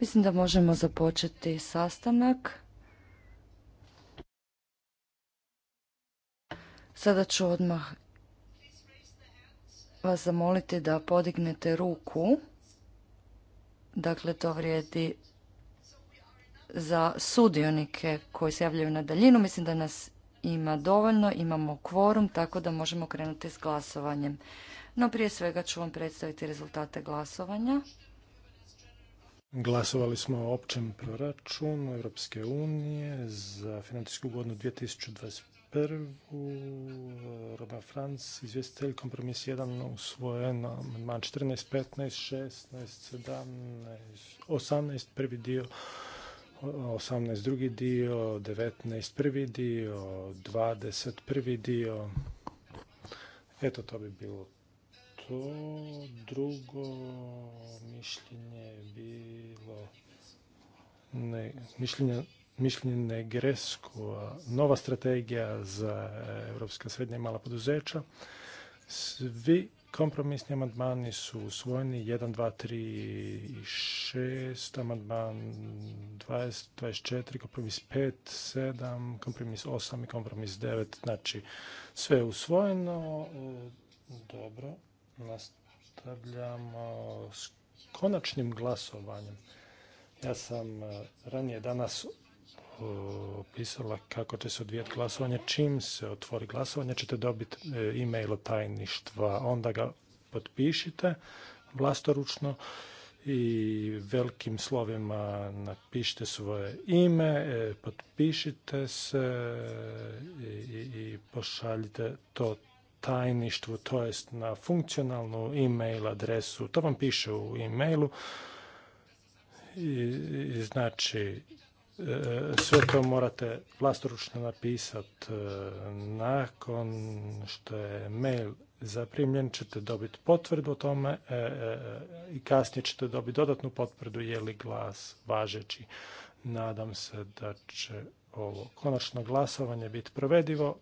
Mislim da možemo započeti sastanak. Sada ću odmah vas zamoliti da podignete ruku. Dakle, to vrijedi za sudionike koji se javljaju na daljinu. Mislim da nas ima dovoljno, imamo kvorum, tako da možemo krenuti s glasovanjem. No prije svega ću vam predstaviti rezultate glasovanja. Glasovali smo o općem proračunu Europske unije za financijsku godinu 2021. Roma Franc, izvjestitelj, kompromis 1 usvojen, amandman 14, 15, 16, 17, 18, prvi dio, 18 drugi dio, 19 prvi dio, 20 prvi dio. Eto, to bi bilo to drugo mišljenje je bilo ne, mišljenje, mišljenje Negresku, nova strategija za evropska srednja i mala poduzeća. Svi kompromisni amandmani su usvojeni 1, 2, 3 i 6, amandman 20, 24, kompromis 5, 7, kompromis 8 i kompromis 9. Znači, sve je usvojeno. Dobro, nastavljamo s konačnim glasovanjem. Ja sam e, ranije danas opisala e, kako će se odvijati glasovanje. Čim se otvori glasovanje ćete dobiti e, e-mail tajništva, onda ga potpišite vlastoručno i velikim slovima napišite svoje ime, potpišite se i, i pošaljite to tajništvu, to jest na funkcionalnu e-mail adresu. To vam piše u e-mailu. znači, e, sve to morate vlastoručno napisati. E, nakon što je mail zaprimljen ćete dobiti potvrdu o tome e, i kasnije ćete dobiti dodatnu potvrdu je li glas važeći. Nadam se da će ovo konačno glasovanje biti provedivo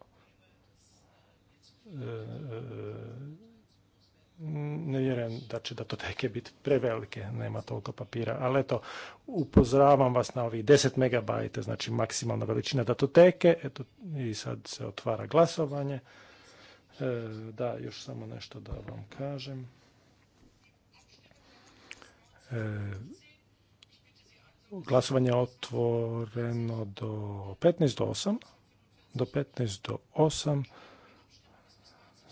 ne vjerujem da će datoteke biti prevelike, nema toliko papira, ali eto, upozoravam vas na ovih 10 megabajta, znači maksimalna veličina datoteke, eto, i sad se otvara glasovanje. E, da, još samo nešto da vam kažem. E, glasovanje je otvoreno do 15 do 8, do 15 do 8,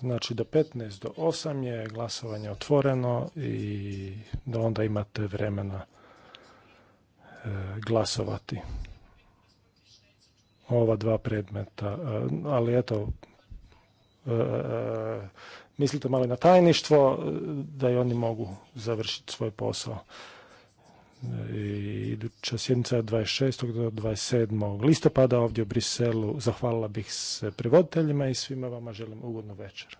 Znači do 15 do 8 je glasovanje otvoreno i da onda imate vremena e, glasovati ova dva predmeta. E, ali eto, e, mislite malo na tajništvo da i oni mogu završiti svoj posao. E, iduća sjednica 26. do 27. listopada ovdje u Briselu. Zahvalila bih se prevoditeljima i svima vama želim ugodnu večer.